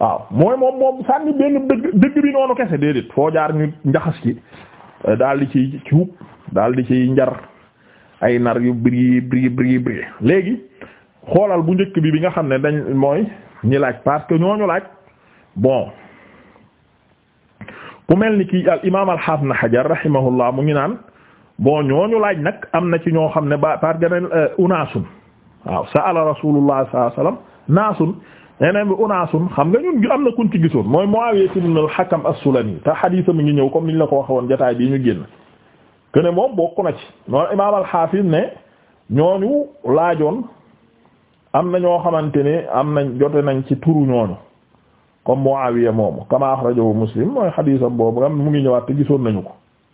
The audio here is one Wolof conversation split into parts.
waaw mooy moom moom sànni benn dëgg dëgg bi noonu kese déedéet foo jaar ñu njaxas ci daal di ci cuub daal di ci njar ay nar yu bri bri bri léegi xoolal bu njëkk bi bi nga xam ne dañ mooy ñi laaj parce que ñooñu laaj bon ku mel ni kii al imaam al haafid na Hajar mu ngi naan bon ñooñu laaj nag am na ci ñoo xam ne ba par gane euh, unaasun waaw sa'ala rasulullah sallallahu alayhi naasun neneen bi unaasun xam nga ñun am na kuñ ci gisoon mooy Muawiya ibn al-Hakam as yi te xadiisa mi ngi ñëw comme ni la ko waxe woon jotaay bi ñu génn que moom bokk na ci noonu imaam al-Hafiz ne ñooñu laajoon am na ñoo xamante ni am nañ jote nañ ci turu ñooñu comme Muawiya moomu kama akhrajahu Muslim mooy xadiisam boobu nga mu ngi ñëwaat te gisoon nañu ko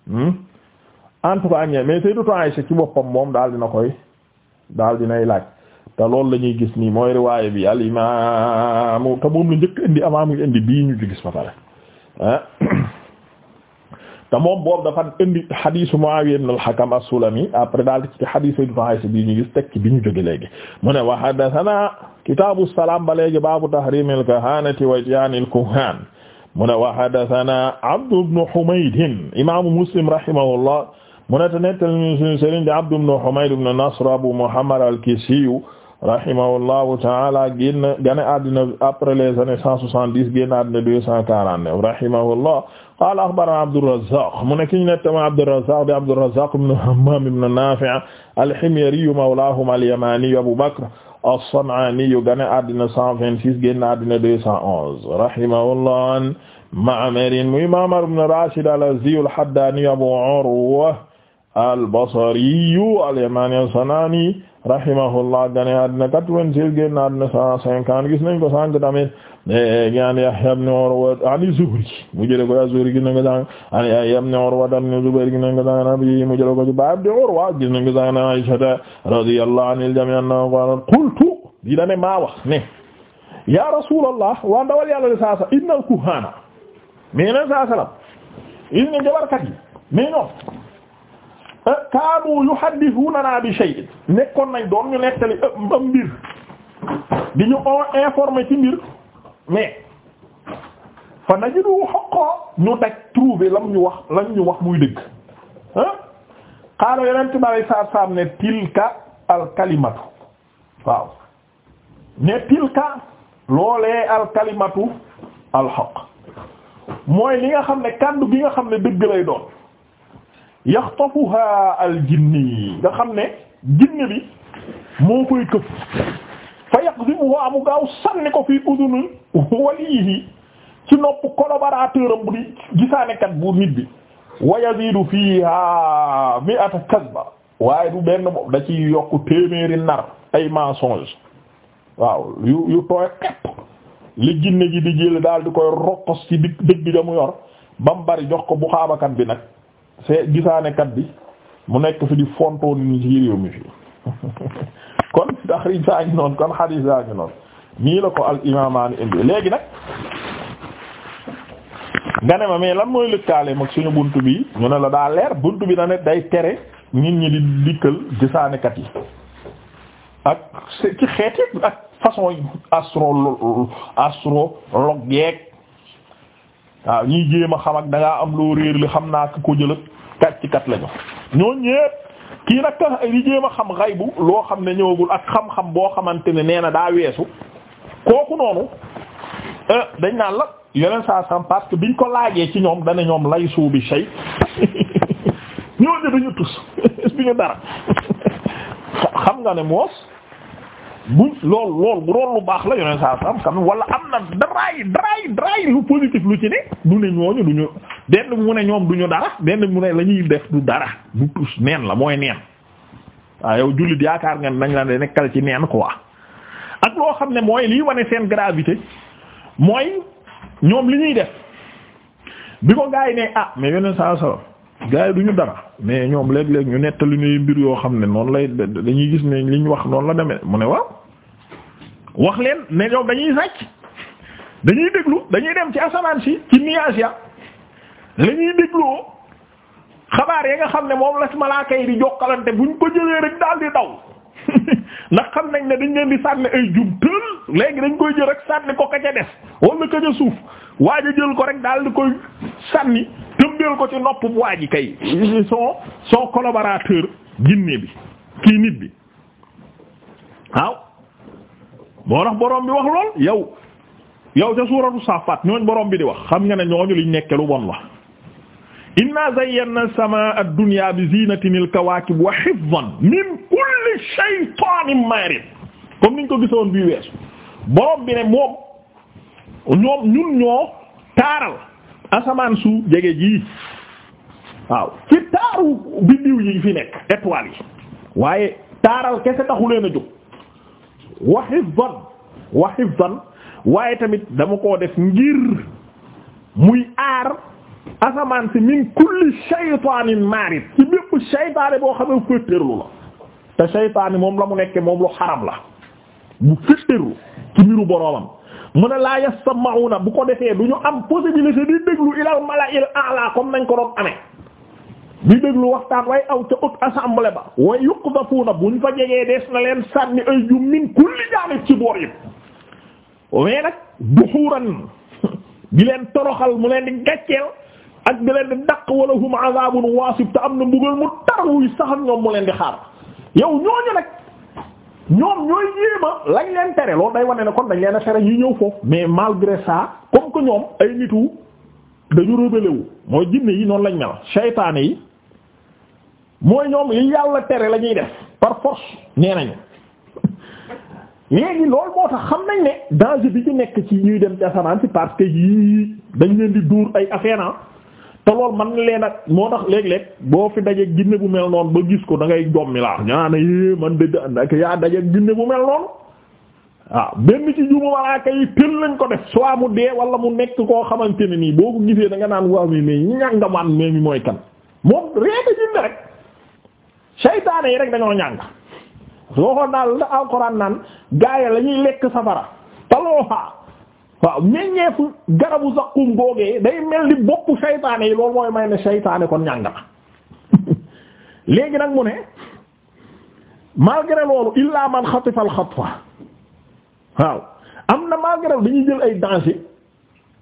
hmm? en tout cas ñee mais Sayyidatu Aisha ci boppam moom daal dina koy daal dinay laaj te loolu la ñuy gis nii mooy riwaay bi al imaamu te moom la njëkk indi avant muy indi bii ñu ci gis ba pare ah te moom boobu dafa indi xadiisu Muawiya ibn al-Hakam as-Sulami après daal ci xadiisu Sayyidatu Aysa bii ñu gis teg ci bi ñu jóge léegi mu ne wa haddasanaa kitaabu salaam ba léegi baabu tahriimil kahaanati wa ityaanil kuhaan mu ne wa haddasanaa Abdu ibn Humayd imaamu Muslim rahimahullah mu ne te nettali ñu sunu sëriñ di Abdu ibn Humayd ibn Nasr Abu Muhammad al-Kisiyu rahimahullahu taala génn gane àddina après les années cent soixante-dix génn àddina deux cent quarante-neuf rahimahullah qala akhbarana Abdurrazzaq mu ne ki ñu nettama Abdurrazzaq di Abdurrazzaq ibn Hammam ibn Nafi' al-Himyari mawlahum al-Yamani Abu Bakr as-San'ani gane àddina cent vingt-six génn àddina deux cent onze rahimahullah an Ma'mar muy Ma'mar ibn Rashid al-Azdi al-Haddani Abu Urwa al-Basri al-Yamani as-San'ani rahimahullah gane àddina 96 génn àddina 150 gis nañ ko sànq tamit gan Yahya ibn Urwa ani Zuhri mu jële ko Yahya ibn Urwa ibn Zubayr gis nañ ko sànq nabi mu jële ko ci baab di Urwa gis qultu di dane ne ya Rasulullah waa ndawal de saasa innal kuhana mais neen saa salam is ne kaanu yuhaddithunana bi shay'in nekkoon nañ doom ñu nettali am mbir di ñu informé ci mbir mais fa najidu haqqan ñu daj trouver lam wax lañu ñu wax muy dëgg ah xaalo yenent balay saa saam ne tilka al kalimatu waaw ne tilka loolee al kalimatu al haqq mooy li nga xam ne kàddu gi nga xam ne dëgg lay doon yaxtafuha aljinni nga xam ne jinne bi moo koy këf fa yaqdimuha mu gaaw sànni ko fii udunu walihi ci nopp collaborateur am bu di gisaanekat bu nit bi waaye du benn bopp da ci yokk téeméeri nar ay mensonge waaw yu yu tooy xepp li jinne ji di jël daal di koy rokkos ci dëgg bi da yor ba bari jox ko bu xaabakat bi nag see gisaanekat bi mu nekk fi di fontoo ni ci réew mi fii kon taxriij saa ngi noonu kon xadiis ngi noonu nii la ko al imaamaani indi léegi nag nga ne ma mais lan mooy lëkkaale mag suñu bunt bi ñu ne la daa leer bunt bi na ne day tere nit ñi di dikkal gisaanekat yi ak ci xeeti ak façon astro astro log waaw ñiy jéem a xam ak da am loo réer li xam naa ko jël kat ci kat lañu ñoo ñépp kii nag li jéem a xam xaybu loo xam ne ñëwagul ak xam-xam boo xamante ne nee na daa weesu kooku noonu euh, dañ naa la yeneen saa sam parce biñ ko laajee ci ñoom dana ñoom lay suubi shay ñoo ne dañu tus bi dara xam nga ne moos bu lool lool bu lool lu baax la yoneen saa sam kam wala am na daraay daraay daraay lu positif lu ci ne du ne ñooñu du ñu benn mu ne ñoom du ñu dara benn mu ne la ñuy def du dara du tus neen la mooy neen waaw yow jullit yaakaar nga nañ la ne nekkal ci neen quoi ak loo xam ne mooy liy wane seen gravité mooy ñoom li ñuy def bi ko yi ne ah mais yoneen saa sam gars yi du ñu dara mais ñoom léeg-léeg ñu lu ñuy mbir yoo xam ne noonu lay dañuy gis ne liñ wax noonu la demee mu ne wax wax leen ne ñoom dañuy sàcc dañuy déglu dañuy dem ci asamaan si ci nuage ya la dégloo xabaar ya nga xam ne moom la si malaaka yi di jokkalante buñ ko jëlee rek daal di daw ndax xam nañ ne dañ leen di sànni ay jub tël léegi dañ koy jël rek sànni ko ka ca des wala ka suuf waa a jël ko rek daal di koy sànni tëmbeel ko ci nopp waa ji kay soo soo collaborateur jinne bi kii nit bi waaw moo tax boroom bi wax lool yow yow ca suuratu saafaat ñooñ boroom bi di wax xam nga ne ñooñu liñ nekke lu bon la inna zayyana as-samaa ad-dunya bi zinatin al-kawaakib wa hifzan min kulli shaytaanin maarid comme niñ ko gisoon bii weesu borom bi ne moom ñoom ñun ñoo taaral asamaan su jege ji waaw ci taaru biddiw yi fi nekk étoiles yi waaye taaral kese taxu leen a jóg wax hifdan wax hifdan waaye tamit dama ko def ngir muy aar asamaan si min kulli shaytaanin maarid ci bépp shaytaane boo xam ne féttérlu la te shaytaani moom la mu nekke moom lu xaram la bu féttérlu ci mbiru boroomam mu ne laa yasma'una bu ko defee du ñu am possibilité di déglu ilal mala'il a'la comme nañ ko doon amee di déglu waxtaan way aw ca haute assemblée ba way yuqdafuuna buñ fa jegee dees na leen sànni ay jum min kulli jaanib ci boor yëpp mais nag duxuuran di leen toroxal mu leen di gàcceel ak di leen di daq wala hum azabun waasib te am na mbugal mu tar wuy saxal ñoom mu leen di xaar yow ñooñu nag ñoom ñooy yéema lañ leen tere loolu day wane ne kon dañ leen a tere ñu ñëw foofu mais malgré ça comme que ñoom ay nitu dañu rébélé wu mooy jinne yi noonu lañ mel seytaane yi mooy ñoom li yàlla tere la ñuy def par force nee nañu léegi loolu moo tax xam nañ ne danger bi ci nekk ci ñuy dem ci asamaan si parce que yii dañ leen di duur ay affaire ah. te loolu man leen ak moo tax léeg-léeg boo fi dajee ginne bu mel noon ba gis ko da ngay jommi laa ñaa na é man ak yaa dajee ginne bu mel noonu waaw benn ci juma malaaka yi tël lañ ko def soit mu dee wala mu nekk koo xamante ne nii boo ko gisee da nga naan waaw mi mais ñàngamaan mais mi mooy kan moom réega seytaane yi rek dañoo ñàng waxoon naa la alxuraan naan gaaya la ñuy lekk safara talooha waaw meññeefu garabu zaqum googee day mel ni boppu seytaane yi loolu mooy may ne seytaane ko ñàng na léegi nag mu ne malgré loolu illaa man xatifa al xatfa waaw am na malgré dañuy jël ay danger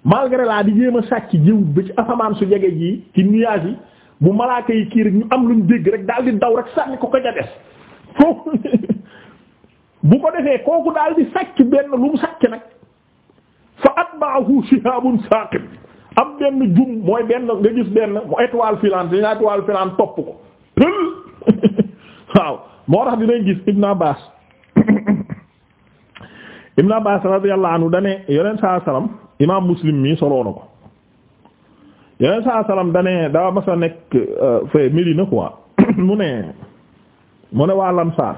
malgré laa di jéem a sàcc jiw ba ci asamaan su jege ji ci nuage yi bu malaaka yi kii rek ñu am luñ dégg rek daal di daw rek sànni ko ko ja bu ko defee kooku daal di sàcc benn lu mu sàcc nag fa atba'ahu shihabun saqib am benn jum mooy benn nga gis benn mu étoile filante li nga étoile filante topp ko tël waaw moo tax dinañ gis Ibn Abbas Ibn Abbas radiyallahu anhu dane yoneen saa salaam imaam Muslim mi soloo ko yeneen saa salaam dane daa mas a nekk euh, fee Médina quoi mu ne mu ne waa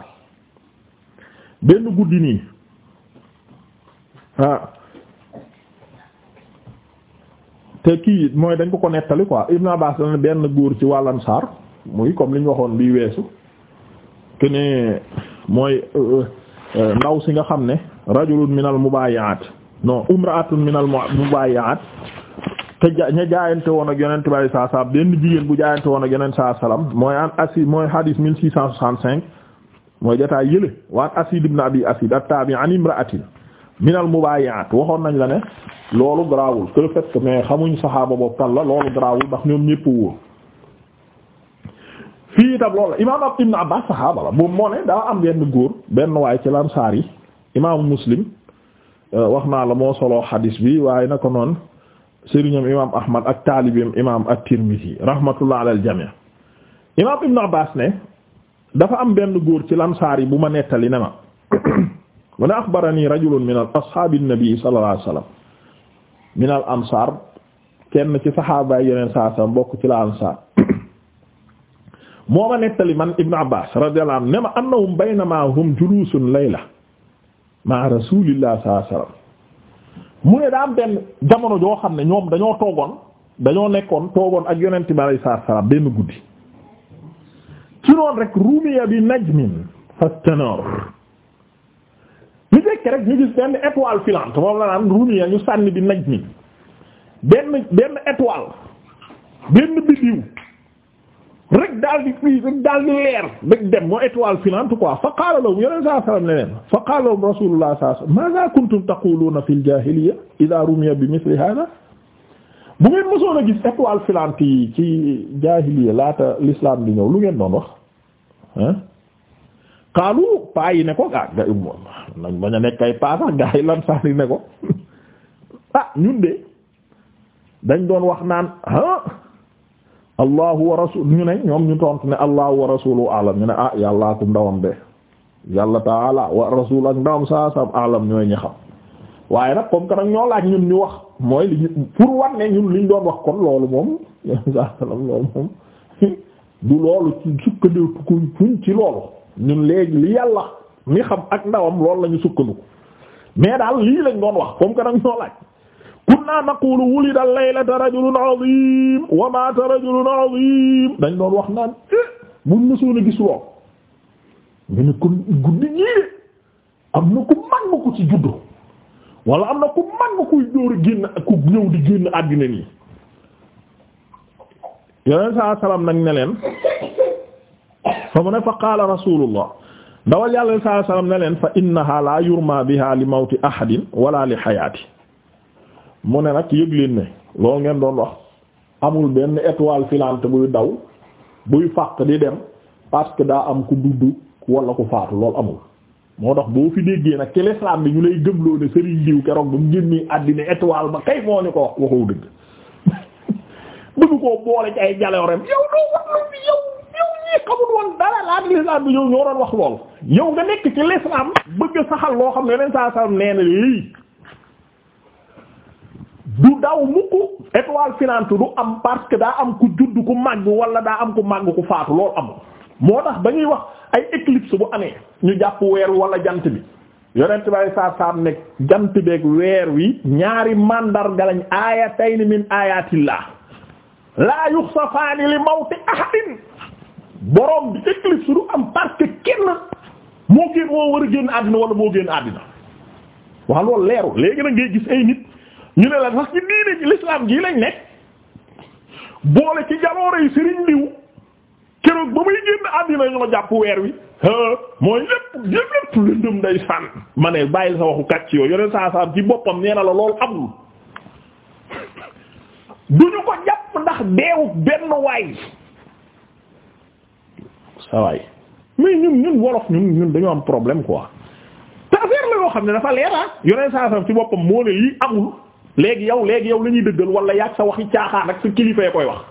benn guddi nii ah, te kii mooy dañ ko ko nettali quoi Ibn Abbas dana benn góor ci waa Lamsaar muy comme li ñu waxoon bii weesu que ne mooy euh, euh, ndaw si nga xam ne rajulun minal mubaayaat non umraatun minal mubaayaat te ja ña jaayante woon a yonent bi saa saa benn jigéen bu jaayante woon ak yonent saa salaam mooy an asi mooy hadis 1665 mooy jotaay yële waan asid ibn abi asid at-tabi an imra'atin min al-mubayi'at waxoon nañ la ne loolu garaawul que le mais xamuñ saxaaba boobu tal la loolu garaawul ndax ñëpp wóor fii itam loolu la imaam ibn abbas saxaaba la moom ne daa am benn góor benn waay ci lansaar yi imaamu muslim euh, wax naa la moo solo hadis bi waaye na ko sëriñam imam ahmad ak taalibim imam at-Tirmidhi rahmatullah ala al-jami' imam ibn abbas ne dafa am benn góor ci lansaar yi bu ma nettali ne ma mu ne axbarani rajulun min al ashaabi nabi sallallahu alayhi wasallam min al ansar kenn ci saxaabaay yeneen saa sa bokk ci la ansar moo ma nettali man ibn abbas radiyallahu anhu ne ma annahum baynama hum julusun layla ma'a rasulillah sallallahu alayhi wasallam mu ne daa benn jamono joo xam ne ñoom dañoo toogoon dañoo nekkoon toogoon ak yonent bi alayhi salaam benn guddi ci noonu rek rumiya bi najmin fastanor ñu fekk rek ñu gis benn étoile filante moom la naan rumiya ñu sànni bi najmin benn benn étoile benn biddiw rek daal di kii leer rek dem moo étoile filante quoi fa qaala lahum yoneen saa leneen fa qaala lahum rasulullah saa sallam maza kuntum taquluna fil jahiliya idha rumiya bi mithli hada bu ngeen mësoon gis étoile filante yi ci jahiliya laata lislaam di ñëw lu ngeen doon wax ah xaalu paa yi ne ko ah ga nekk ay paa sax gaa yi lan ne ko ah ñun de dañ doon wax naan allahu wa rasul ñu ne ñoom ñu tontu ne allahu wa rasulu alam ñu ne ah yàllaa kum ndawam de yàlla taala wa rasul ak ndawam saa sam alam ñooy ñi xam waaye nag comme que nag ñoo laaj ñun ñu wax mooy li ñu pour wan ne ñun liñ doon wax kon loolu moom saa salaam loolu moom du loolu ci sukkandiku fuñ ci loolu ñun léegi li yàlla mi xam ak ndawam loolu la ñu sukkandiku mais daal lii lañ doon wax comme que nag ñoo laaj. kunna naqulu wulida laylata rajulun azim wa mata rajulun azim dañ doon wax naan eh, bu mësoon a gis loo nga ne kon guddi ku ci juddu wala am na ku mag ku ñëw di génn àddina nii yeneen saa salaam nag ne fa mu ne fa qaala rasulullah ndawal yàlla saa salaam ne leen fa innaha la yurma biha li mawti ahadin wala li xayaati mu ne nag yëg leen ne loolu ngeen doon wax amul benn étoile filante buy daw buy fàq di dem parce que daa am ku dudd wala ku faatu loolu amul moo tax boo fi déggee nag ci l'islam bi ñu lay gëmloo ne Serigne Diw keroog ba mu génnee àddina étoile ba kay moo ñu ko wax waxoo dëgg bëgg koo boole ci ay jaloorem yow doo wax lu fi yow yow woon dara laata bi yow ñoo doon wax lool yow nga nekk ci l'islam bëgg saxal loo xam ne yeneen saa saa nee du daw mukk étoile filante du am parce que daa am ku judd ku màgg wala daa am ku màgg ku faatu loolu amul moo tax ba ñuy wax ay éclipse bu amee ñu jàpp weer wala jant bi yonent bay saa saam nekk jant beeg weer wi ñaari mandarga lañ aayatayn min aayatillah laa yuxsafaani li mawti ahadin borom bi éclipse du am parce que kenn moo génn moo war a génn àddina wala moo génn àddina wax loolu leeru léegi na ngay gis ay nit ñu ne la sax ci diine ji gii lañ nekk boole ci jaloorey sëriñ diw keroog ba muy génn àddina ñoo jàpp weer wi mooy lépp lépp lëndëm day sànn ma ne bàyyil sa waxu kàcc yooyu yoneen saa saam ci boppam nee na la loolu amul duñu ko jàpp ndax deewu benn waay sa waay mais ñun ñun wolof ñun ñun dañu am problème quoi te affaire la yoo xam ne dafa leera ah. yoneen saa saam ci boppam moo ne lii amul léegi yow léegi yow lañuy ñuy dëggal wala yàgg sa waxi caaxaan ak sa kilifee koy wax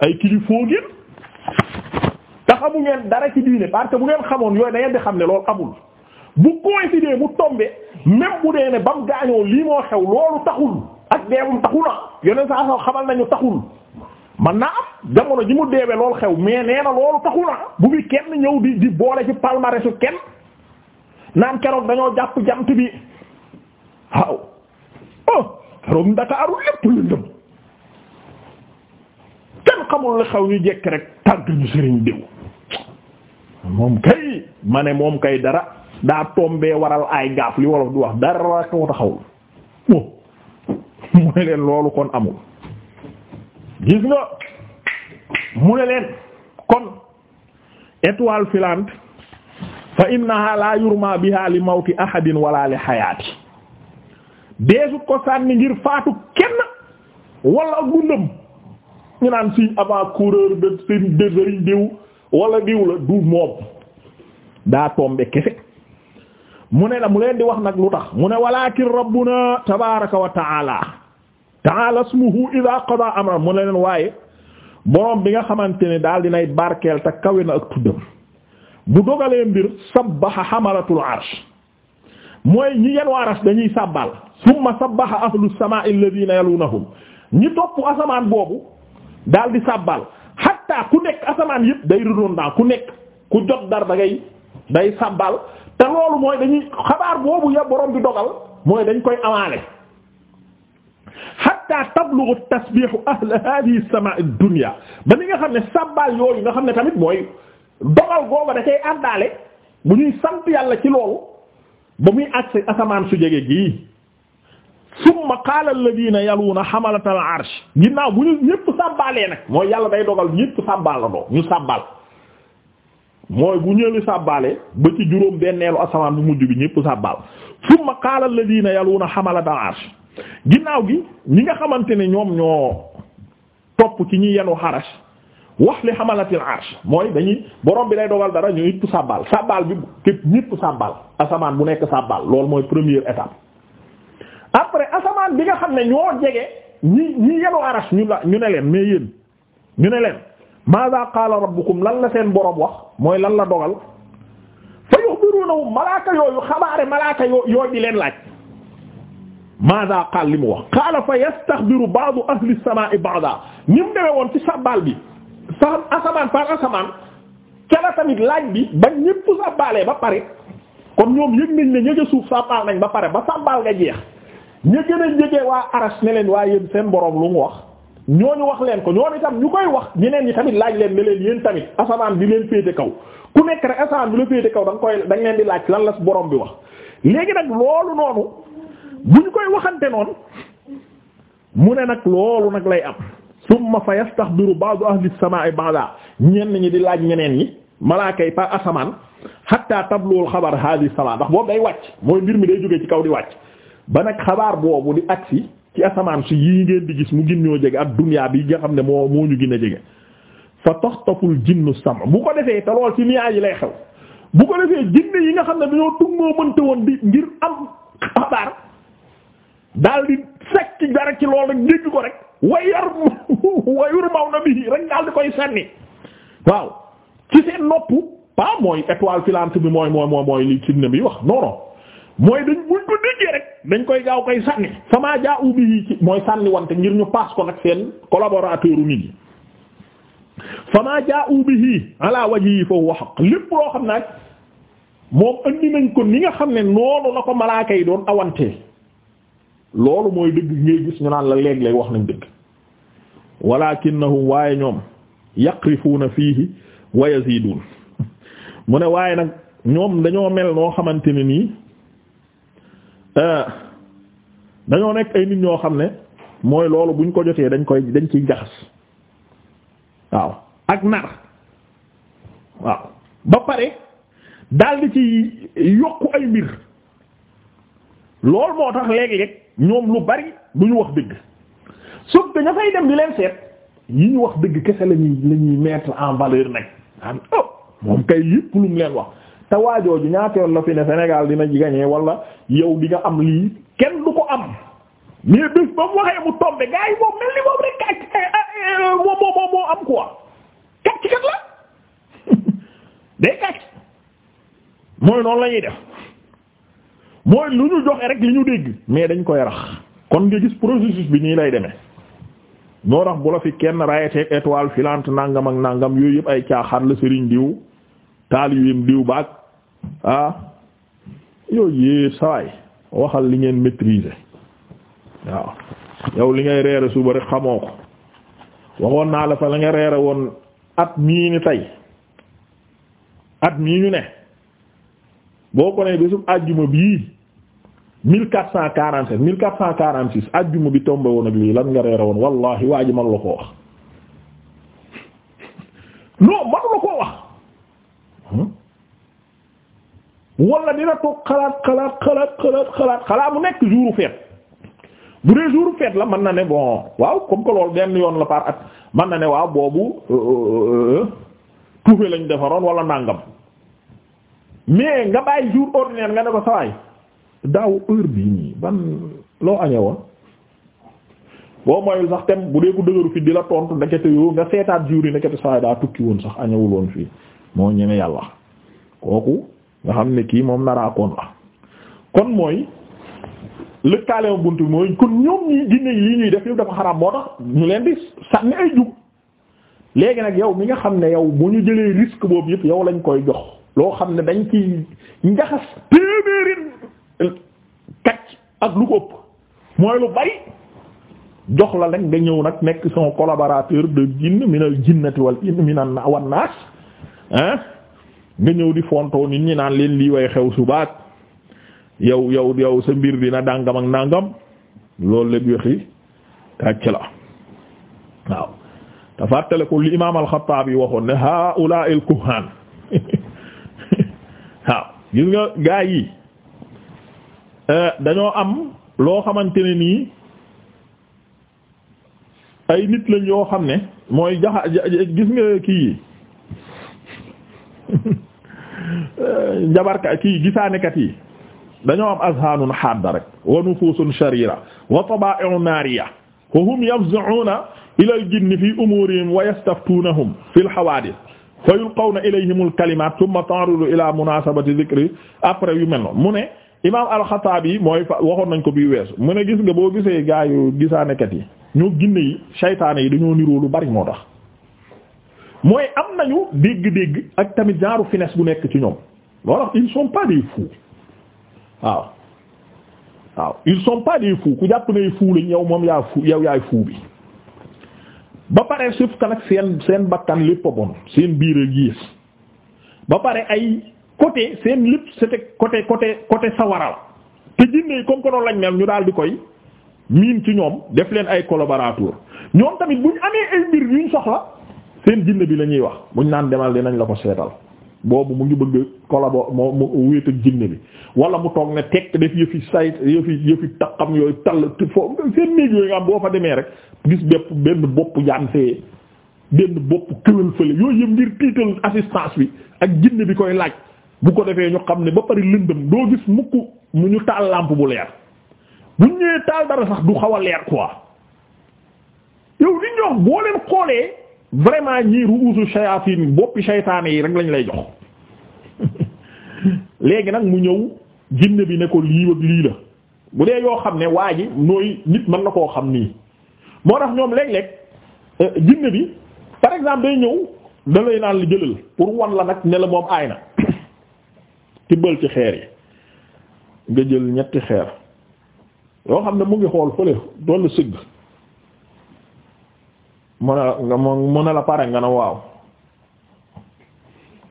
ay kilifoo ngeen te xamu ngeen dara ci diine parce que bu ngeen xamoon yooyu da ngeen di xam ne loolu amul bu coïncider mu tombé même bu dee ne ba gaañoo lii moo xew loolu taxul ak deewum taxul ah yeneen saa sax xamal nañu taxul man naa am jamono ji mu deewee loolu xew mais nee na loolu taxul ah bu bi kenn ñëw di di boole ci palmarèsu kenn naan keroog dañoo jàpp jant bi room Ndakaaru lépp lëndëm kenn xamul la xaw ñu jekk rek tàgg ñu sëriñ diw moom kay ma moom kay dara daa tombee waral ay gaaf li wolof di wax dara ko taxawul moom mu ne leen loolu kon amul gis nga mu ne leen kon étoile filante fa innaha la yurma biha li mawti ahadin wala li hayati deesu ko sànni ngir faatu kenn wala ak dundam ñu naan siñ avant coureur de seen désariñ diw wala diw la du moom daa tombe kese mu ne la mu leen di wax nag lu tax mu ne walakin rabbuna tabaraka wa taala taala ismuhu ida qada amra mu ne leen waaye borom bi nga xamante ne daal dinay barkeel te kawe na ak tuddam bu dogalee mbir sabbaha hamalatul arsh mooy ñi yenn dañuy sàbbal summa sabbaha ahlu samaa'i alladhina yalunahum ñi topp asamaan boobu daal di sabbal hatta ku nekk asamaan yëpp day redondant ku nekk ku jot dar da ngay day sabbal te loolu mooy dañuy xabaar boobu ya borom bi dogal mooy dañ koy amaale hatta tablughu tasbihu ahla hadhihi as-samaa'i ad-dunya ba ni nga xam ne sabbal yooyu nga xam ne tamit mooy dogal googu da koy àndaale bu ñuy sant yàlla ci loolu ba muy agsi asamaan su jege gii summa qaala alladina yaluuna xamalata al arsh ginnaaw bu ñu ñépp sàbbaalee nag mooy yàlla day dogal ñëpp sàbbaal la doo ñu sàbbaal mooy bu ñëli sàbbaalee ba ci juróom benneelu asamaan bu mujj bi ñépp sàbbaal summa qaala alladina yaluuna xamalata al arsh ginnaaw gi ñi nga xamante ne ñoom ñoo topp ci ñi yenu xarash wax li xamalatil arsh mooy dañuy borom bi day dogal dara ñu ñépp sàbbaal sàbbaal bi képp ñépp sàbbaal asamaan bu nekk sàbbaal loolu mooy première étape après asamaan bi nga xam ne ñoo jege ñi ñi yelu arash ñu la ñu ne leen mais yéen ñu ne leen maada qaala rabbukum lan la seen borom wax mooy lan la dogal fa yuxbiruuna malaaka yooyu xabaare malaaka yoo yooyu di leen laaj maada qaal li mu wax qaala fa yastaxbiru ba'du ahli samaa'i ba'da woon ci sabbal bi sax asamaan par asamaan kela tamit laaj bi ba ñépp sabbalee ba pare kon ñoom yëg nañ ne ñëg suuf sabal nañ ba pare ba sabbal nga jeex ñu gën a jege waa arash ne leen waa yéen seen boroom lu mu wax ñoo ñooñu wax leen ko ñooñu tam ñu koy wax ñeneen ñi tamit laaj leen ne leen yéen tamit asamaan bi leen féete kaw ku nekk rek asamaan bi la féete kaw da nga koy da leen di laaj lan la borom bi wax. léegi nag loolu noonu bu ñu koy waxante noon mu ne nag loolu nag lay am summa fa yastaxbiru ba'du ahli samaa'i ba'da ñenn ñi di laaj ñeneen yi malaakay pa asamaan hatta tabluwul xabar hadi samaa ndax boobu day wàcc mooy mbir mi day jógee ci kaw di wàcc. ba nag xabaar boobu di agsi ci asamaan si yii ngeen di gis mu gën ñoo jege ak dunyaa bi nga xam ne moo moo ñu gën a jege fa taxtaful jinnu sam bu ko defee te lool ci nuages yi lay xew bu ko defee jinne yi nga xam ne dañoo tug moo mënta woon bi ngir am xabaar daal di sekk dara ci loolu rek dégg ko rek wayar wayur maw na bi rek daal di koy sànni waaw ci seen nopp pas mooy étoile filante bi mooy mooy mooy mooy li ne bi wax non mooy dañ buñ ko déggee rek dañ koy gaaw koy sànni sama jaa ubi yi mooy sànni wante ngir ñu paas ko nag seen collaborateur u nit ñi fama jaa'u bihi ala wajhi fa huwa haqq ak moom ko ni xam ne noonu la yi doon awantee loolu mooy dëgg ngay gis ñu naan la léeg lay wax nañ dëgg walakinnahum waaye ñoom yaqrifuuna fiihi wa yaziiduun mu ne waaye nag ñoom dañoo mel noo xamante ne nii Euh, dañoo nekk ay nit ñoo xam ne mooy loolu buñ ko jotee dañ koy dañ ciy jaxas waaw ak nar waaw ba pare daldi ci yokku ay mbir lool moo tax léeg-léeg ñoom lu bari du ñu wax dëgg suuf que ña fay dem di leen seet yi ñu wax dëgg kese la ñuy la ñuy mettre en valeur nag am oh moom kay yëpp lu mu leen wax te waajooju ñaata yoon la fi ne Sénégal dina gañe wala yow di nga am lii kenn du ko am mais bés ba mu waxee mu tombe gars yi moom mel ni moom rek kàcc eh, eh, eh, moom moo moo am quoi kàcc kat la day kàcc mooy noonu la ñuy def mooy lu ñu joxe rek li ñu dégg mais dañ koy rax kon nga gis processus bi nii lay demee ñoo tax bu la fi kenn rayeteeg étoile filante nangam ak nangam yooyu yëpp ay caaxaan la sëriñ diw taal yu yëm diw baag ah. yooyu yépp sawaay waxal li ngeen maîtriser waaw yow li ngay reere suba rek xamoo ko waxoon naa la fa la nga reere woon at mii ni tey at mii ñu ne boo ko ne bésub àjjuma bii mille quatre cent quarante sept mille quatre cent quarante six àjjuma bi tombé woon ak lii lan nga reere woon wallahi waa ji manu la koo wax non manu la koo wax wala dina toog xalaat xalaat xalaat xalaat xalaat xalaat mu nekk jouru fête bu dee jouru fête la mën na ne bon waaw comme que loolu benn yoon la par at man na ne waaw boobu tuufee euh, euh, lañ defaroon wala nàngam mais nga bàyyi jour ordinaire nga ne ko sawaay daaw heure bii nii ban loo añee woon boo moyul sax tem bu dee ko dëgëru fi di la tontu ndekete yoo nga seetaat jour yi ndekete sawaay daa tukki woon sax añewul woon fii moo ñeme yàlla kooku nga xam ne kii moom naraakoon la kon mooy lëkkaaleema bunt bi mooy kon ñoom ñi ginne yi lii ñuy def yëpp dafa xaraam moo tax ñu leen di sànni ay jub léegi nag yow mi nga xam ne yow bu ñu jëlee risque boobu yëpp yow lañ koy jox loo xam ne dañ ci njaxas téeméeri kacc ak lu ko ëpp mooy lu bari jox la rek nga ñëw nag nekk son collaborateur de jinn minal jinnati wal inn minal wan naas nga ñëw di fontoo nit ñi naan leen lii way xew subaak yow yow yow sa mbir dina dàngam ak nàngam loolu lépp waxi kàcc la waaw te fàttale ko li imaam al-Xattaabi waxoon ne haa'ulaa al-kuhaan waaw gis nga gaa yi eh, dañoo am loo xamante ne nii ay nit lañ yoo xam ne mooy jaxa gis nga kii yi njabarka kii gisaanekat yi dañoo am azhanun hadda rek wa nufusun sharira wa tabaa'un nariya wa hum yafza'una ila al-jinni fi umurihim wa yastaftunahum fi al-hawadith fa yulqawna ilayhim al-kalimat thumma ta'rudu ila munasabati dhikri après yu mel noonu mu ne imam al-Xattaabi mooy waxoon nañ ko bii weesu mu ne gis nga boo gisee gaayu gisaanekat yi ñu ginne yi saytaane yi dañoo niroo lu bari moo tax mooy am nañu dégg-dégg ak tamit jaaru finesse bu nekk ci ñoom loolu ils sont pas des fous waaw waaw ils sont pas des fous ku jàpp ne fous lañ yow moom yaa fou yow yaay fou bi ba pare suuf kan ak seen seen bakkan lépp a bon seen biir a gis ba pare ay côté seen lépp c'était côté côté côté sawara la te jinne comme que lañ mel ñu daal di koy miin ci ñoom def leen ay collaborateur ñoom tamit buñ amee ay mbir yuñ soxla. seen jinne bi la ñuy wax muñ naan demal dinañ la ko seetal boobu mu ngi bëgg collabo moo mu wéet ak jinne bi wala mu toog ne tekk def yëfi sayt yëfi yëfi taqam yooyu am boo fa demee rek gis bépp benn bopp jaan bopp këral fële yooyu yëpp ngir tiital assistance bi ak jinne bi koy laaj bu ko defee ñu xam ne ba pare lëndëm doo gis mukk mu ñu taal lampe bu leer bu ñëwee taal dara sax du xaw a leer quoi yow li ñox boo leen xoolee vraiment ñii ruusu shayatin boppi shaytaane yi rek lañ lay jox léegi nag mu ñëw jinne bi ne ko lii lii la bu dee yoo xam ne waa ji nooy nit man na koo xam nii moo tax ñoom léeg-léeg euh, jinne bi par exemple day ñëw da lay naan la jëlal pour wan la nag ne la moom aay na tibbal ci xeer yi nga jël ñetti xeer yoo xam ne mu ngi xool fële doon la sëgg mu ne la mu ne la pare nga ne waaw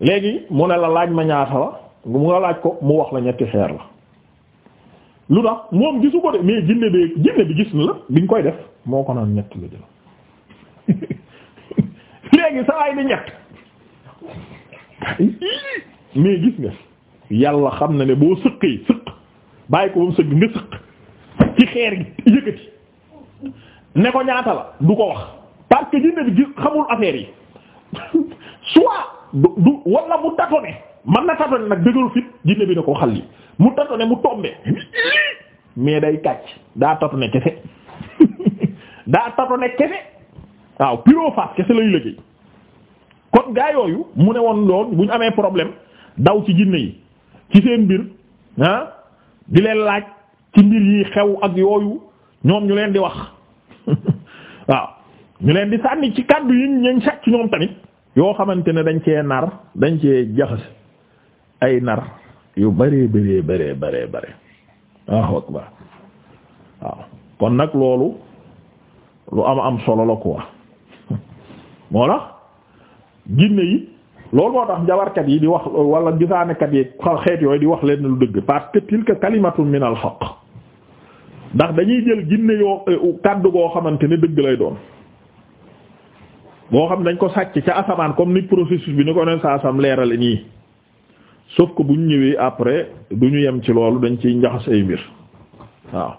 léegi mu ne la laaj ma ñaata la mu nga laaj ko mu wax la ñetti xeer la lu tax moom gisu ko de mais jinne bi gis na la biñ koy def moo ko naan ñett la jël léegi saa di ñett mais gis nga yàlla xam na ne boo sëqee sëq bàyyi ko ba mu sëgg nga sëq ci xeer yëkkati ne ko ñaata la du ko wax que jinne bi gi xamul affaire yi soit du du wala mu tatone man na tatone nag dëgëru fit jinne bi na ko xal yi mu ne mu tombe mais day kàcc daa tatone kese daa tatone kese waaw pyrophase kese lay liggéey kon gaa yooyu mu ne woon lool bu ñu amee problème daw ci jinne yi ci seen mbir ah, di leen laaj ci mbir yi xew ak yooyu ñoom ñu leen di wax waaw ñu leen di sànni ci kàddu yi ñu sàcc ñoom tamit yoo xamante ne dañ cee nar dañ cee jaxase ay nar yu bëree bëree bëree bëree bëri waaw waaw kon nag loolu lu am am solo la quoi moo tax ginne yi loolu moo tax njabarkat yi di wax wala gisaanekat yi xeet yooyu di wax leen lu dëgg parce que tilka kalimatu min al ndax dañuy jël ginne yoo eh, kàddu goo xamante ne dëgg lay doon. boo xam dañ ko sàcc ca asamaan comme ni processus bi ni ko neen saa sam leerale nii sauf que bu ñu ñëwee après du ñu yem ci loolu dañ ciy njaxas ay mbir waaw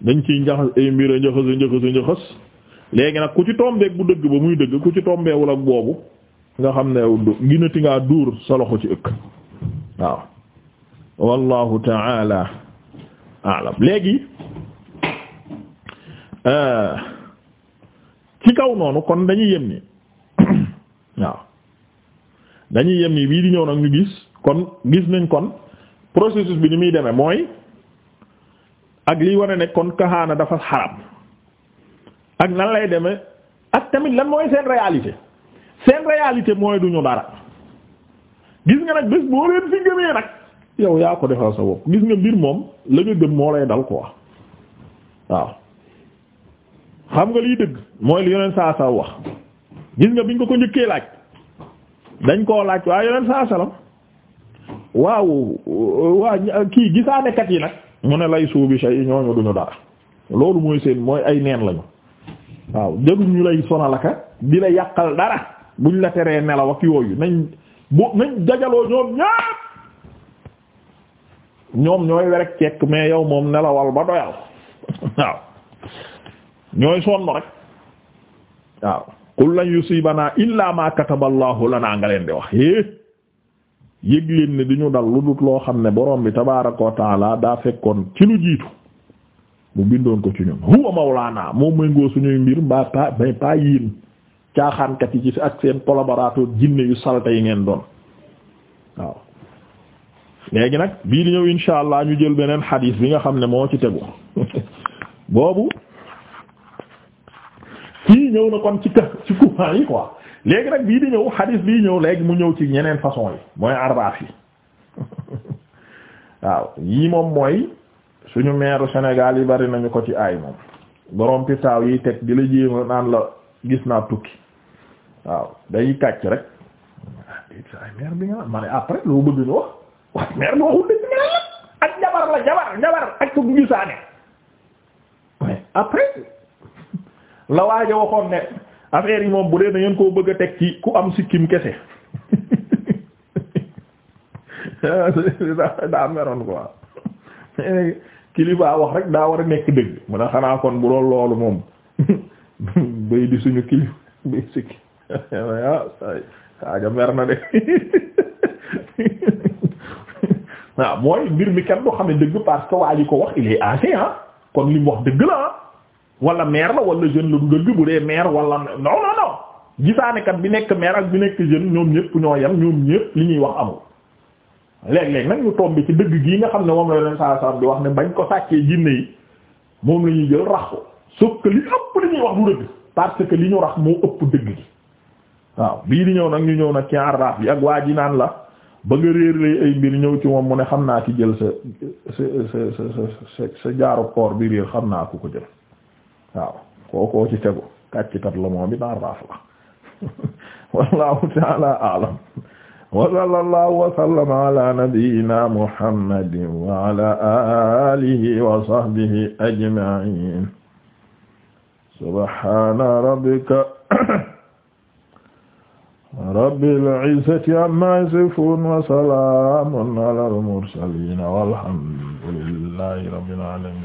dañ ciy njaxas ay mbir a njaxas a njaxas a nag ku ci tombeek bu dëgg ba muy dëgg ku ci tombeewul ak boobu nga xam ne ginati ngaa duur sa loxo ci ëkk waaw wallahu ta'ala a'lam léegi euh, yow noonu kon dañuy yem ni waaw dañuy yem ni bii di ñëw nag ñu gis kon gis nañ kon processus bi ni muy demee mooy ak liy wane ne kon kaxaana dafa xaram ak nan lay demee ak tamit lan mooy seen réalité seen réalité mooy duñu ñu dara gis nga nag bés boo leen fi gëmee nag yow yaa ko defal sa bopp gis nga mbir moom lañu nga gëm moo lay dal quoi waaw. xam nga lii dëgg mooy li yoneen saa saa wax gis nga biñ ko ko njëkkee laaj dañ koo laaj waaye yoneen saa salaam waaw waa kii gisaanekat yi nag mu ne lay suubi shay ñooñu duñu dara loolu mooy seen mooy ay neen lañu waaw jarul lay sonalaka di la yàqal dara buñ la teree nelaw ak yooyu nañ bu nañ dajaloo ñoom ñaar ñoom ñooy werek cekk mais yow moom nelawal ba doyal waaw ñooy sonn rek waaw qul lan yusibanaa illaa ma kataballaahu lanaa nga leen di wax é leen ne du ñu dal lu dut loo xam ne borom bi tabaaraka wa taala daa fekkoon ci lu jiitu mu bindoon ko ci ñun huwa mawlaana moom mooy ngoo suñuy mbir mbaa pa mais pas yéen caaxaankat yi ci ak seen collaborateur jinne yu salte yi ngeen doon waaw léegi nag bii di ñëw insha allah ñu jël beneen xadiis bi nga xam ne moo ci tegu boobu fii ñëw na kon ci ka ci courant yi quoi léegi nag bii di ñëw hadith bii ñëw léegi mu ñëw ci ñeneen façon yi mooy arbaaf yi waaw yii moom mooy suñu meeru Sénégal yi bari nañu ko ci aay moom borom pitaaw yi teg di la jéema naan la gis naa tukki waaw day kàcc rek ah, maire bi nga naan ma après loo bëgg ñu wax waaye bi waxul dëgg ak jabar la jabar jabar ak ko gisaane après la waaja waxoon ne affaire yi moom bu dee da ngeen koo bëgg a teg ci ku am sikkim kese daa meroon quoi kilifa wax rek daa war a nekk dëgg mu ne xanaa kon bu doon loolu moom bay di suñu kilifa bay sikki ah mer na de waaw ah, mooy mbir mi kenn du xam ne dëgg parce que waa ji ko wax il est ancien kon li wax dëgg la wala maire la wala jeune la dugal bi bu dee maire wala non non non gisaanekat bi nekk maire ak bi nekk jeune ñoom ñëpp ñoo yem ñoom ñëpp li ñuy wax amul. léeg-léeg nag ñu tombé ci dëgg gii nga xam ne moom la leen saa saa wax ne bañ ko sàccee jinne yi moom la li ëpp wax du ëpp dëgg bii di ñëw nag ñu ñëw nag ci arraf ak waa ji naan la ba nga réerlee ay mbir ci moom mu xam naa ci jël sa jaaru koor bi réer xam naa ku ko jël waaw kookoo ci tegu kàccikat la moom bi naar raaf la wallahu ta'ala a'lam wa sallallahu wa sallama ala nabiyyina muhammadin wa ala alihi wa sahbihi ajma'in subhana rabbika rabbil izzati amma yasifun wa salamun ala al mursalin walhamdulillahi rabbil alamin